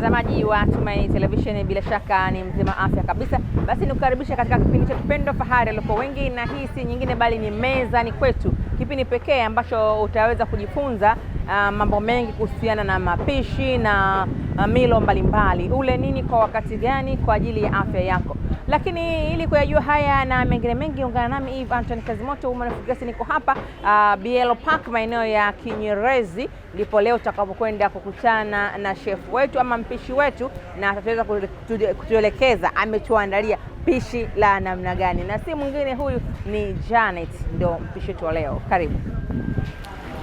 mtazamaji wa Tumaini Television, bila shaka ni mzima afya kabisa. Basi nikukaribisha katika kipindi cha Pendo Fahari aliko wengi, na hii si nyingine bali ni meza ni Kwetu, kipindi pekee ambacho utaweza kujifunza uh, mambo mengi kuhusiana na mapishi na ah, milo mbalimbali. Ule nini kwa wakati gani kwa ajili ya afya yako. Lakini ili kuyajua haya na mengine mengi, ungana nami Eve Anthony Kazimoto, Women of Grace. Niko hapa uh, ah, Bielo Park maeneo ya Kinyerezi, ndipo leo tutakapokwenda kukutana na shefu wetu ama mpishi wetu, na atatuweza kutuelekeza ametuandalia pishi la namna gani, na si mwingine huyu ni Janet, ndio mpishi wetu wa leo. Karibu.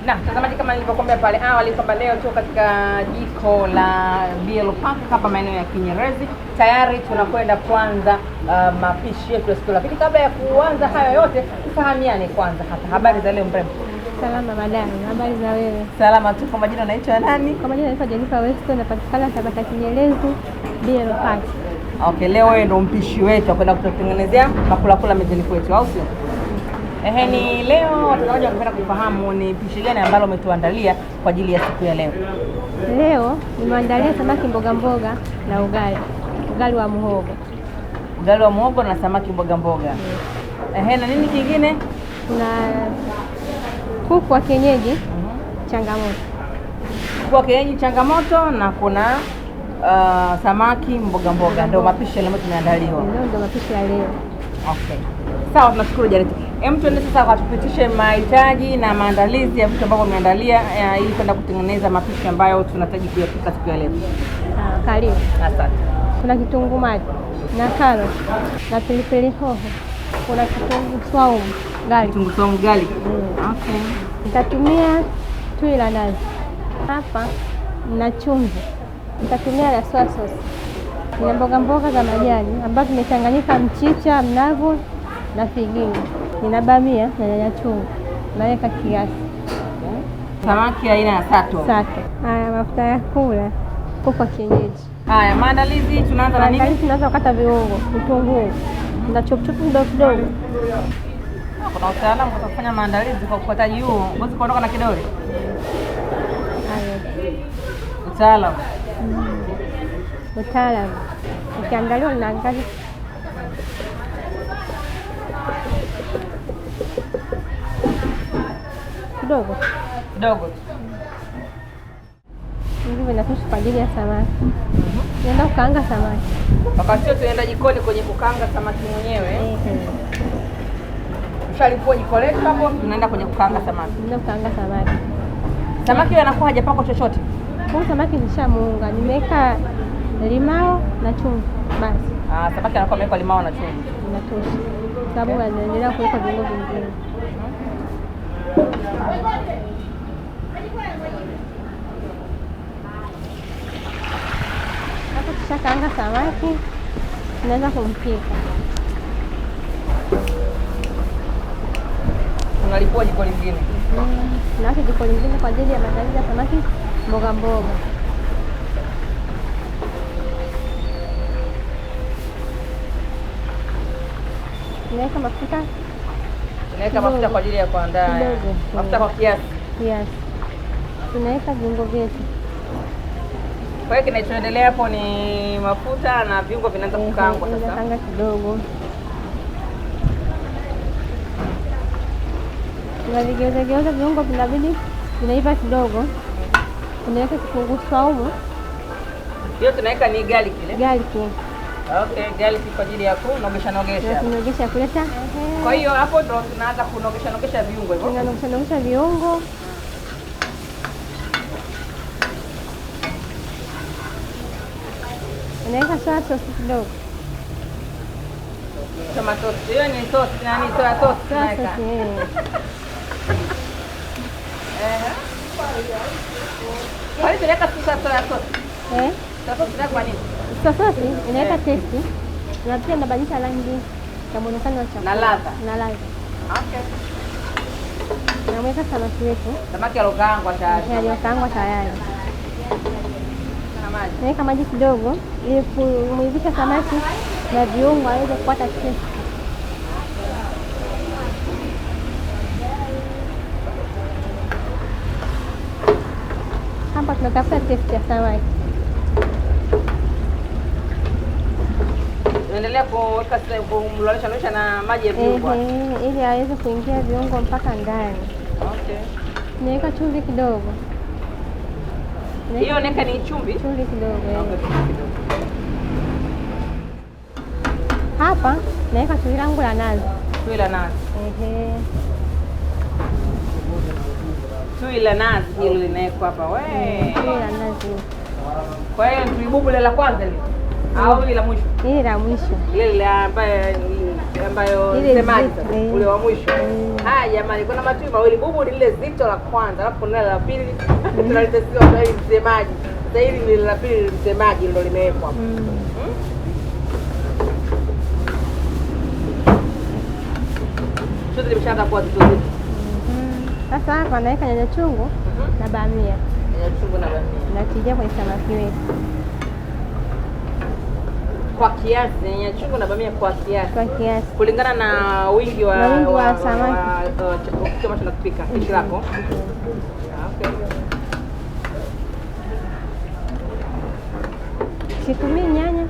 Na mtazamaji, kama nilivyokuambia pale awali kwamba leo tu katika jiko la BL Park hapa maeneo ya Kinyerezi tayari tunakwenda kuanza uh, mapishi yetu ya siku, lakini kabla ya kuanza hayo yote tufahamiane kwanza. Hata habari za leo mrembo? Salama madam, habari za wewe? Salama tu. Kwa majina naitwa nani? Kwa majina naitwa Jennifer Weston, napatikana Tabata Kinyerezi BL Park. Okay, leo wewe ndo mpishi wetu akwenda kutotengenezea makula kula mezani kwetu, au sio? Eheni, leo watazamaji wangependa kufahamu ni pishi gani ambalo umetuandalia kwa ajili ya siku ya leo? Leo nimeandalia samaki mboga mboga na ugali, ugali wa muhogo, ugali wa muhogo na samaki mboga mboga. Ehe, na nini kingine? Kuna kuku wa kienyeji mhm. changamoto, kuku wa kienyeji changamoto, na kuna uh, samaki mboga mboga. Ndio mapishi leo tumeandaliwa, ndio mapishi ya leo. Okay, sawa, tunashukuru Janeth. Hem, tuende sasa watupitishe mahitaji na maandalizi ya vitu ambavyo umeandalia eh, ili kwenda kutengeneza mapishi ambayo tunahitaji kuyapika siku ya leo. Ah, karibu. Asante. Kuna kitunguu maji na karoti na pilipili hoho, kuna kitunguu swaumu gali, kitunguu swaumu gali. Mm. Okay. Nitatumia tui la nazi hapa na chumvi, nitatumia la soya sauce. Nina mboga mboga za majani ambazo zimechanganyika mchicha, mnavu na figili Nina bamia na nyanya chungu, naweka kiasi. Samaki aina ya sato. Sato. Haya, mafuta ya kula kuku wa kienyeji. Haya, maandalizi tunaanza na nini? Tunaanza kukata viungo, vitunguu na chop chop kidogo kidogo. Ah, kuna utaalamu kwa kufanya maandalizi kwa ukataji huo, ngozi kuondoka na kidole. Utaalamu. Mm. Utaalamu. Ukiangaliwa na kidogo kidogo hivi vinatosha kwa ajili ya samaki. Mhm. Naenda kukaanga samaki, wakati sio tunaenda jikoni kwenye kukaanga samaki mwenyewe. Mhm. Ushalipua jiko letu hapo, tunaenda kwenye kukaanga samaki. Nenda kukaanga samaki. Samaki yule anakuwa hajapakwa chochote. Kwa samaki nishamuunga, nimeweka limao na chumvi basi. Ah, samaki anakuwa ameweka limao na chumvi, inatosha sababu anaendelea kuweka viungo vingine hapo tushakaanga samaki, tunaweza kumpika. Tunalipua jiko lingine, mm, tunaweka jiko lingine kwa ajili ya maandalizi ya samaki mboga mboga. Tunaweka mafuta Tunaweka mafuta kwa ajili ya kuandaa mafuta kwa kiasi. Yes. Tunaweka viungo vyetu. Kwa hiyo kinachoendelea hapo ni mafuta na viungo vinaanza kukaangwa sasa. Kaanga kidogo. Tunavigeuza geuza viungo vinabidi vinaiva kidogo. Tunaweka kitunguu saumu. Hiyo tunaweka ni garlic ile. Garlic. Okay, girl kwa ajili ya kunogesha nogesha. Kunogesha kuleta. Kwa hiyo hapo ndo tunaanza kunogesha nogesha viungo hivyo. Kunogesha nogesha viungo. Unaweka soya sauce kidogo. Tomato sauce. Hiyo ni sauce, nani soya sauce tunaweka. Eh. Kwa hiyo tunaweka soya sauce. Eh? Soya sauce kwa nini? Sososi inaweka eh. testi na pia inabadilisha rangi ya muonekano wa chakula na ladha na ladha. Okay. Namweka samaki wetu, samaki aliokaangwa tayari, aliokaangwa tayari. Naweka maji kidogo ili kumwivisha samaki na viungo aweze kupata testi. Hapa tunatafuta testi ya samaki kuweka kumlalisha kumlolisha na maji ya viungo mhm, ili aweze kuingia viungo mpaka ndani. Okay. Niweka chumvi kidogo. Hiyo neka ni chumvi? Chumvi kidogo. Eh. Okay. Hapa naweka tui langu la nazi. Tui la nazi. Ehe. Tui la nazi hilo linawekwa hapa. Wewe. Mm, tui la nazi. Kwa hiyo tui bubu la kwanza lile au ah, ile la mwisho? Ile la mwisho. Ile ile ambayo ambayo msemaji eh. ule wa mwisho. Ah, jamani kuna matui mawili. Bubu ni lile zito la kwanza, alafu kuna la pili. Mm. Tunalitesiwa kwa hili msemaji. Sasa hili ni la pili msemaji ndio limewekwa mm. hapo. Hmm? limeshaanza kuwa zito zito. Mm-hmm. Sasa hapa naweka nyanya chungu mm-hmm. na bamia. Nyanya chungu na bamia. Natia kwenye samaki wetu. Kwa kiasi ya chungu na bamia kwa kiasi, kwa kiasi kulingana na wingi wa wingi wa samaki uh, kitu ambacho nakupika pishi lako. Mm-hmm. Ah, Situmii nyanya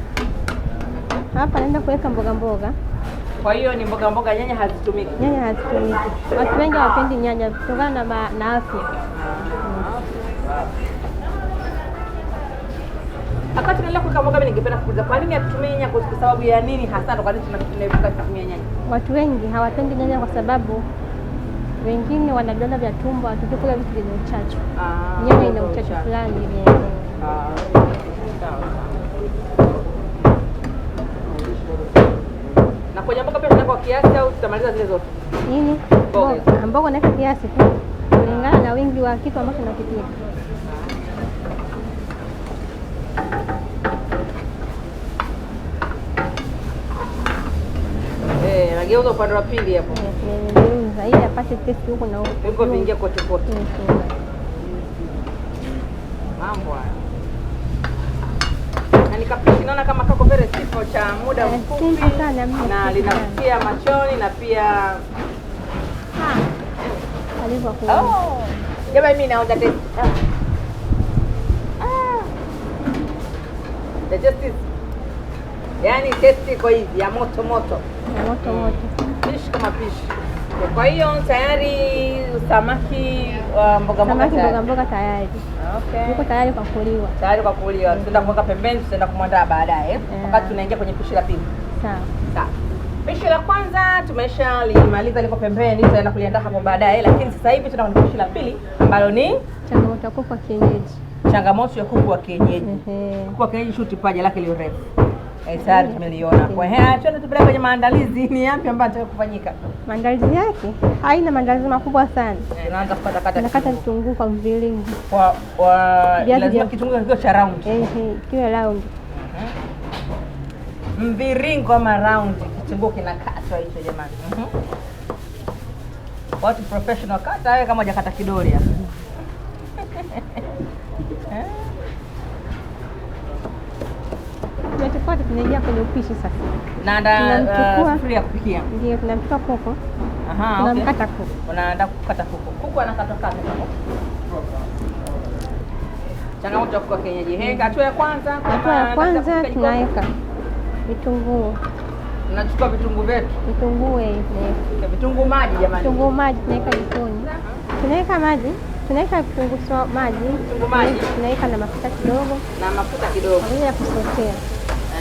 hapa, naenda kuweka mboga mboga. Kwa hiyo ni mboga mboga, nyanya hazitumiki. Nyanya hazitumiki, watu wengi hawapendi nyanya kutokana na afya tunaendelea kuweka mboga, mimi ningependa kwa nini hatutumii nyanya? Kwa sababu ya nini hasa kwa nini tunaepuka kutumia nyanya? Watu wengi hawapendi nyanya kwa sababu wengine wana vidonda vya tumbo, hawataki kula vitu vyenye uchachu. Ah, Nyama ina uchachu fulani hivi. Ah, na kwenye mboga pia tunaweka kiasi au tutamaliza zile zote? Nini? Mboga naweka kiasi tu kulingana na wingi wa kitu ambacho unakipika. Nageuza upande wa pili hapo. Tunageuza eh, eh, eh, ili apate testi huko na huko. Huko vingia kote kote. Mm, mm. Mambo haya. Na nikapiki naona kama kako very simple cha muda mfupi na linavutia machoni na pia oh, Jamani mimi naonja testi. The justice yaani testi iko hivi ya moto moto ya moto moto, pishi kama pishi. Kwa hiyo tayari samaki wa uh, mboga mboga mboga mboga tayari okay, Yuko tayari kwa kuliwa, tayari kwa kuliwa. Mm. Tutaenda kuweka pembeni, tutaenda kumwandaa baadaye wakati tunaingia kwenye pishi la pili. Sawa sawa. Pishi la kwanza tumeshalimaliza liko pembeni, tutaenda kuliandaa hapo baadaye, lakini sasa hivi tuna kwenye pishi la pili ambalo ni changamoto ya kuku wa kienyeji. Changamoto ya kuku wa kienyeji, kuku wa kienyeji, shuti paja lake liyo refu Eh, tumeliona. Kwa hiyo tunatupeleka kwenye maandalizi, ni yapi ambayo anataka kufanyika? Maandalizi yake haina maandalizi makubwa sana. Eh, naanza kukata kata nakata kitunguu kwa mviringo. Kwa kwa lazima kitunguu kiwe cha round. Eh, kiwe round. Mhm. Mviringo ama round, kitunguu kinakatwa hicho jamani. Mhm. Watu professional kata, wewe kama hujakata kidole hapa. Eh? yetu kote tunaingia kwenye upishi sasa. Na Naanda uh, sufuria ya kupikia. Ndio, tunamchukua kuku. Aha, tunamkata kuku. Unaandaa kukata kuku. Kuku anakata kata. Changamoto kwa kuku kienyeji. Henga, hatua ya kwanza. Hatua ya kwanza tunaweka vitunguu. Tunachukua vitunguu vyetu. Vitunguu eh. Vitunguu maji jamani. Vitunguu maji tunaweka jikoni. Tunaweka maji tunaweka vitunguu maji, tunaweka na mafuta kidogo na mafuta kidogo kwa ya kusotea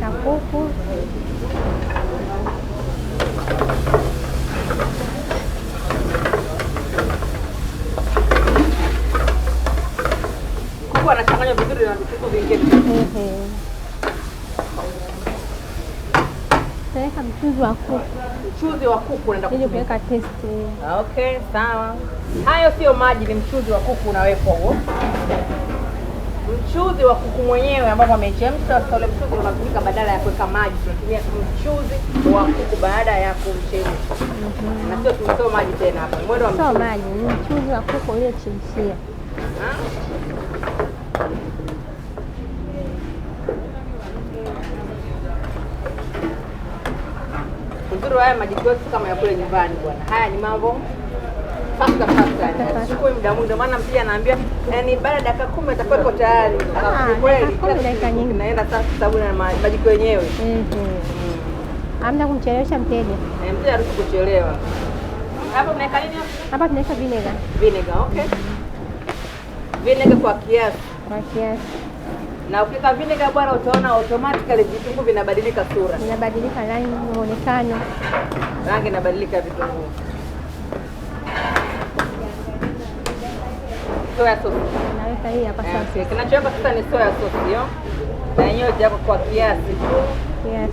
na kuku kuku anachanganywa vizuri na mchuzi wa kuku, mchuzi wa kuku unaenda kuweka Okay, sawa. Hayo sio maji, ni mchuzi wa kuku unawekwa huo mchuzi wa kuku mwenyewe ambao amechemsha. Sasa ule mchuzi unatumika badala ya kuweka maji, tunatumia mchuzi wa kuku baada ya kumchemsha mhm. na sio tumtoa maji tena. Hapa mwendo wa mchuzi, maji ni mchuzi wa kuku uliochemshia. Uzuri haya maji kama ya kule nyumbani bwana. Haya ni mambo fasta fasta, chukue muda muda, maana anaambia yani eh, baada ya dakika kumi atakuwa iko tayari. Ah, kweli naenda sasa, sababu na majiko yenyewe mhm. mm. kumchelewesha mteja, eh, mteja harusi kuchelewa. Hapo tunaweka nini? Hapa tunaweka vinega. Vinega, okay. Vinega kwa kiasi, kwa kiasi na ukiweka vinega bwana, utaona automatically vitunguu vinabadilika sura, vinabadilika rangi, muonekano, rangi inabadilika vitunguu soya sauce. Naweka hii hapa sasa. Kinachowekwa sasa ni soya sauce hiyo, na hiyo japo kwa kiasi tu. Yes.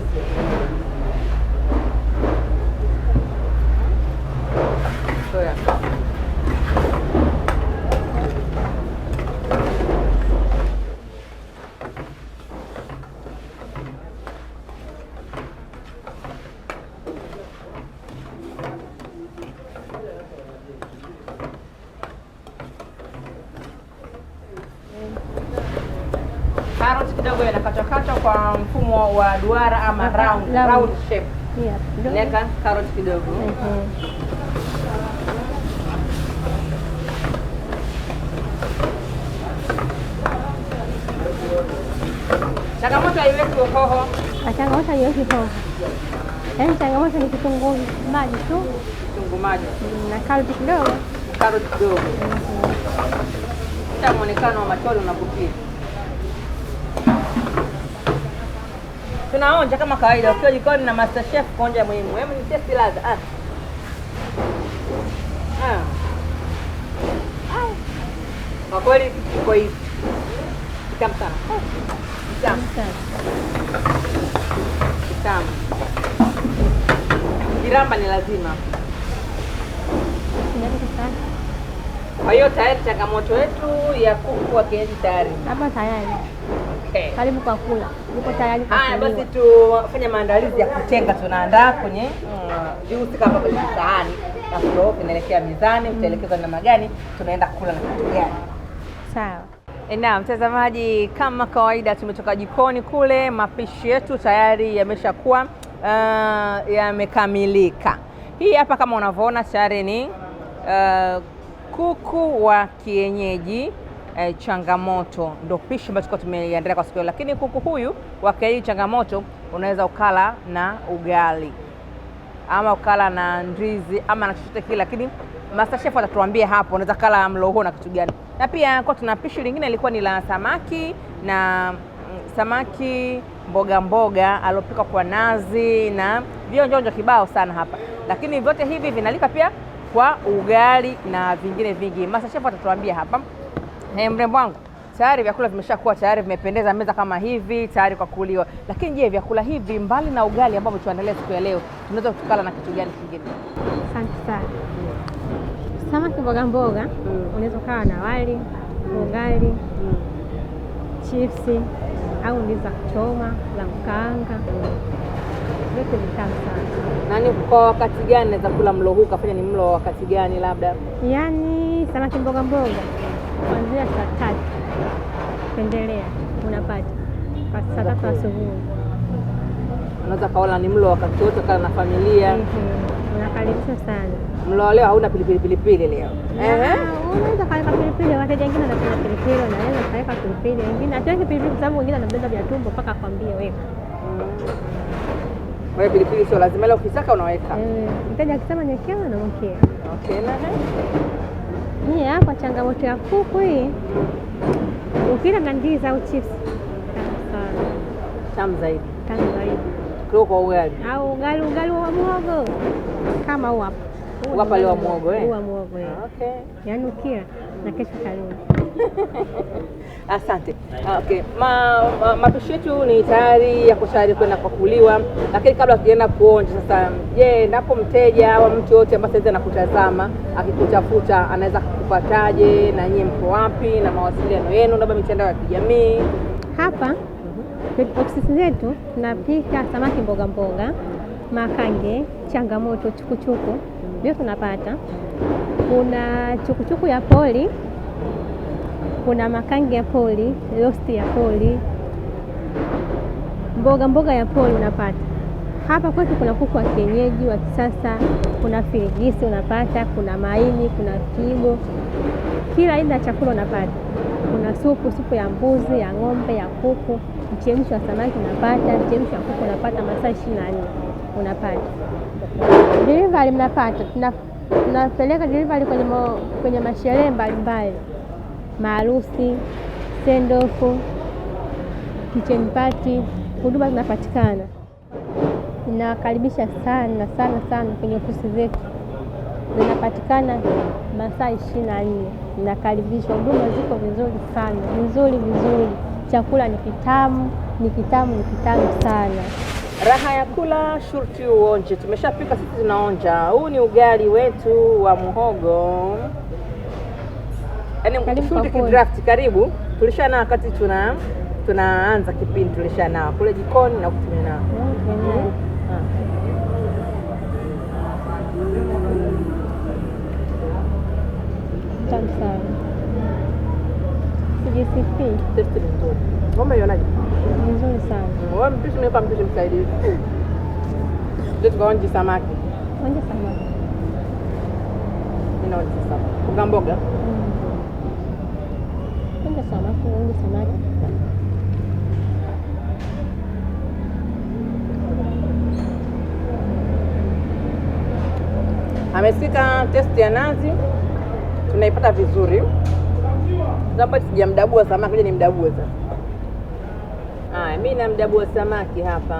Carrot kidogo yanakatwakatwa kwa mfumo wa duara ama round, round shape. Yeah, neka carrot kidogo okay. Mm-hmm. Changamoto haiweki hoho. Ah, changamoto haiweki hoho. Yaani changamoto ni kitunguu maji tu. Kitunguu maji. Mm, na karoti kidogo. Karoti kidogo. Mm-hmm. Hata muonekano wa macholi unavutia. naonja kama kawaida ukiwa jikoni na master chef konja muhimu. Hebu ni test ladha. Ah. Ah. Kwa kweli iko hivi. Kitamu sana. Ah. Kitamu. Kitamu. Kiramba ni lazima. Kwa hiyo tayari changamoto yetu ya kuku wa kienyeji tayari. Hapa tayari. Okay. Karibu kwa kula. Uko tayari kwa kula. basi tufanye maandalizi ya kutenga, tunaandaa kwenye viusi mm, kama kwenye sahani na kilo vinaelekea mizani, utaelekezwa namna gani tunaenda kula na kitu gani. Sawa. Eh, na mtazamaji, kama kawaida, tumetoka jikoni kule, mapishi yetu tayari yameshakuwa uh, yamekamilika. Hii hapa kama unavyoona tayari ni uh, kuku wa kienyeji eh, changamoto ndio pishi ambacho kwa tumeiandaa kwa siku hiyo, lakini kuku huyu wa kienyeji changamoto, unaweza ukala na ugali ama ukala na ndizi ama na chochote kile, lakini master chef atatuambia hapo unaweza kala mlo huo na kitu gani. Na pia kwa tuna pishi lingine ilikuwa ni la samaki na mm, samaki mboga mboga alopikwa kwa nazi na vionjonjo kibao sana hapa, lakini vyote hivi vinalika pia kwa ugali na vingine vingi. Master chef atatuambia hapa. Hey, eh, mrembo wangu, tayari vyakula vimeshakuwa tayari, vimependeza meza kama hivi tayari kwa kuliwa. Lakini je, vyakula hivi mbali na ugali ambao umetuandalia siku ya leo, tunaweza kutukala na kitu gani kingine? Asante sana. Samaki mboga mboga, mm. unaweza ukawa na wali mm. ugali, mm. chipsi au ndizi za kuchoma la kukaanga, vyote vitamu sana. Nani, kwa wakati gani naweza kula mlo huu? Kafanya ni mlo wa wakati gani? Labda yaani samaki mboga mboga kuanzia saa tatu kuendelea unapata kwa saa tatu asubuhi. Unaweza kaona ni mlo wakati wote kaa na familia. Mhm. unakaribisha sana. Mlo leo hauna pilipili pilipili leo. Eh, unaweza kaweka pilipili, wakati wengine wanapenda pilipili, unaweza kaweka pilipili, wengine hatuweki pilipili kwa sababu wengine wanabeba vya tumbo mpaka akwambie weka. Mm. Wewe pilipili sio lazima, leo ukisaka unaweka. Eh, mteja akisema nyekea unamwekea. Okay, na Mie hapa changamoto ya kuku hii, ukila na ndizi au chips tamu zaidi, tamu zaidi kwa ugali au ugali, ugali wa mwogo kama huu hapa hapa leo mwogo eh, huwa mwogo eh, okay, yaani ukila na kesho kalio. Asante. Okay, ma, ma, mapishi yetu ni tayari yako tayari kwenda kukuliwa, lakini kabla tujaenda kuonja sasa, je, yeah, napo mteja au mtu yote ambaye sasa anakutazama akikutafuta anaweza kupataje na nyie mko wapi na mawasiliano yenu, labda mitandao ya kijamii? Hapa mm -hmm. zetu tunapika samaki mboga mboga, makange, changamoto, chukuchuku -hmm. tunapata. Kuna chukuchuku ya poli, kuna makange ya poli, losti ya poli, mboga mboga ya poli unapata hapa kwetu. Kuna kuku wa kienyeji wa kisasa kuna firigisi unapata, kuna maini, kuna figo, kila aina ya chakula unapata. Kuna supu, supu ya mbuzi, ya ng'ombe, ya kuku, mchemsho wa samaki unapata, mchemsho wa kuku unapata, masaa ishirini na nne unapata. Delivery mnapata, tunapeleka delivery kwenye, kwenye masherehe mbalimbali, maharusi, sendofu, kitchen party, huduma zinapatikana. Ninawakaribisha sana sana sana kwenye ofisi zetu, zinapatikana masaa ishirini na nne. Ninakaribishwa, huduma ziko vizuri sana, vizuri vizuri, chakula ni kitamu, ni kitamu, ni kitamu sana. Raha ya kula shurti uonje, tumeshapika sisi, tunaonja. Huu ni ugali wetu wa muhogo, yaani shurti kidrafti. Karibu, tulisha na wakati tuna tunaanza kipindi tulisha nao kule jikoni na kutumia nao okay. mm -hmm. Hii testi ni nzuri. Ngombe ionaje? Nzuri sana. Wewe mpishi mimi mpishi msaidizi. Amesika testi ya nazi tunaipata vizuri. Hapa sijamdabua samaki, ngoja nimdabue sasa. Haya, mimi namdabua samaki hapa,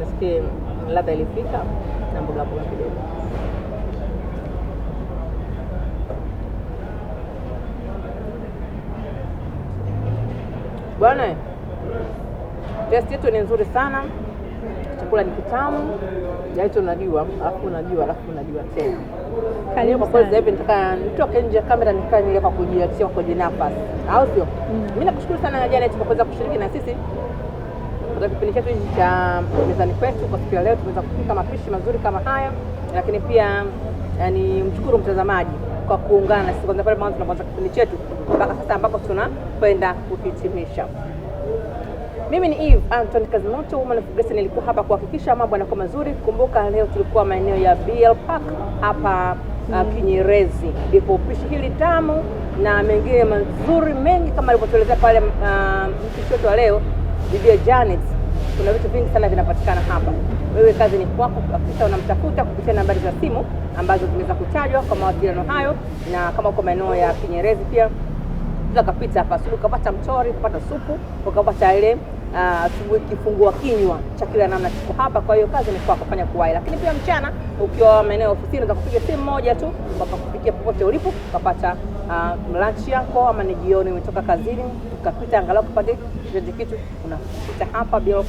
nasikia ladha ilifika na mboga mboga kidogo. Bwana, test yetu ni nzuri sana, chakula ni kitamu, yaito unajua, alafu unajua, alafu unajua tena kwa kweli sasa hivi nitaka nitoke nje kamera nikae nile kwa kujiachia kwa jinafasi, au sio? Mm. Mimi nakushukuru sana Janet kwa kuweza kushiriki na sisi katika kipindi chetu cha mezani kwetu kwa siku ya leo. Tumeweza kupika mapishi mazuri kama haya, lakini pia yani, mshukuru mtazamaji kwa kuungana nasi kwanza pale mwanzo tunapoanza kipindi chetu mpaka sasa ambapo tunakwenda kuhitimisha. Mimi ni Eve Anton Kazimoto, Women of Grace. Nilikuwa hapa kuhakikisha mambo yanakuwa mazuri. Kumbuka leo tulikuwa maeneo ya BL Park hapa uh, Kinyerezi, ndipo pishi hili tamu na mengine mazuri mengi kama alivyotuelezea pale uh, mpishi wetu wa leo Bibi Janet. Kuna vitu vingi sana vinapatikana hapa. Wewe kazi ni kwako kuhakikisha unamtafuta kupitia nambari za simu ambazo zimeweza kutajwa kwa mawasiliano hayo, na kama uko maeneo ya Kinyerezi pia ukapita hapa asubuhi ukapata mchori, ukapata supu, ukapata ile uh, kifungua kinywa cha kila namna kiko hapa. Kwa hiyo kazi ni kwa kufanya kuwai, lakini pia mchana ukiwa maeneo ofisini unaweza kupiga simu moja tu kufikia popote ulipo ukapata uh, lunch yako, ama ni jioni umetoka kazini ukapita angalau kupata kitu, unapita hapa Biro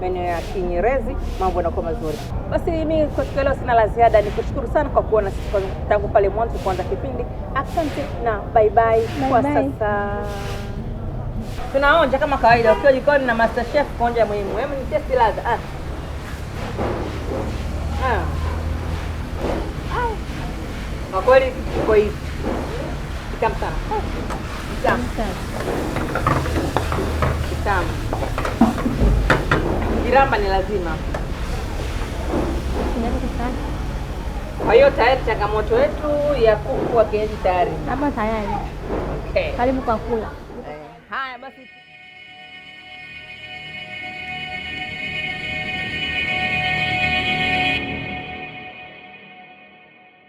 maeneo ya Kinyerezi, mambo yanakuwa mazuri. Basi mimi kwa siku leo sina la ziada, nikushukuru sana kwa kuona sisi tangu pale mwanzo kuanza kipindi. Asante na bye bye, bye kwa bye. Sasa tunaonja kama kawaida, ukiwa jikoni na master chef konja muhimu. Hebu ni test ladha ah. Ah. Kwa kweli kwa hivi kitamu sana, ah. kitamu kitamu, kiramba ni lazima. Kwa hiyo tayari changamoto yetu ya kuku wa kienyeji tayari, Hapa tayari, okay. Karibu kwa kula. હા બસ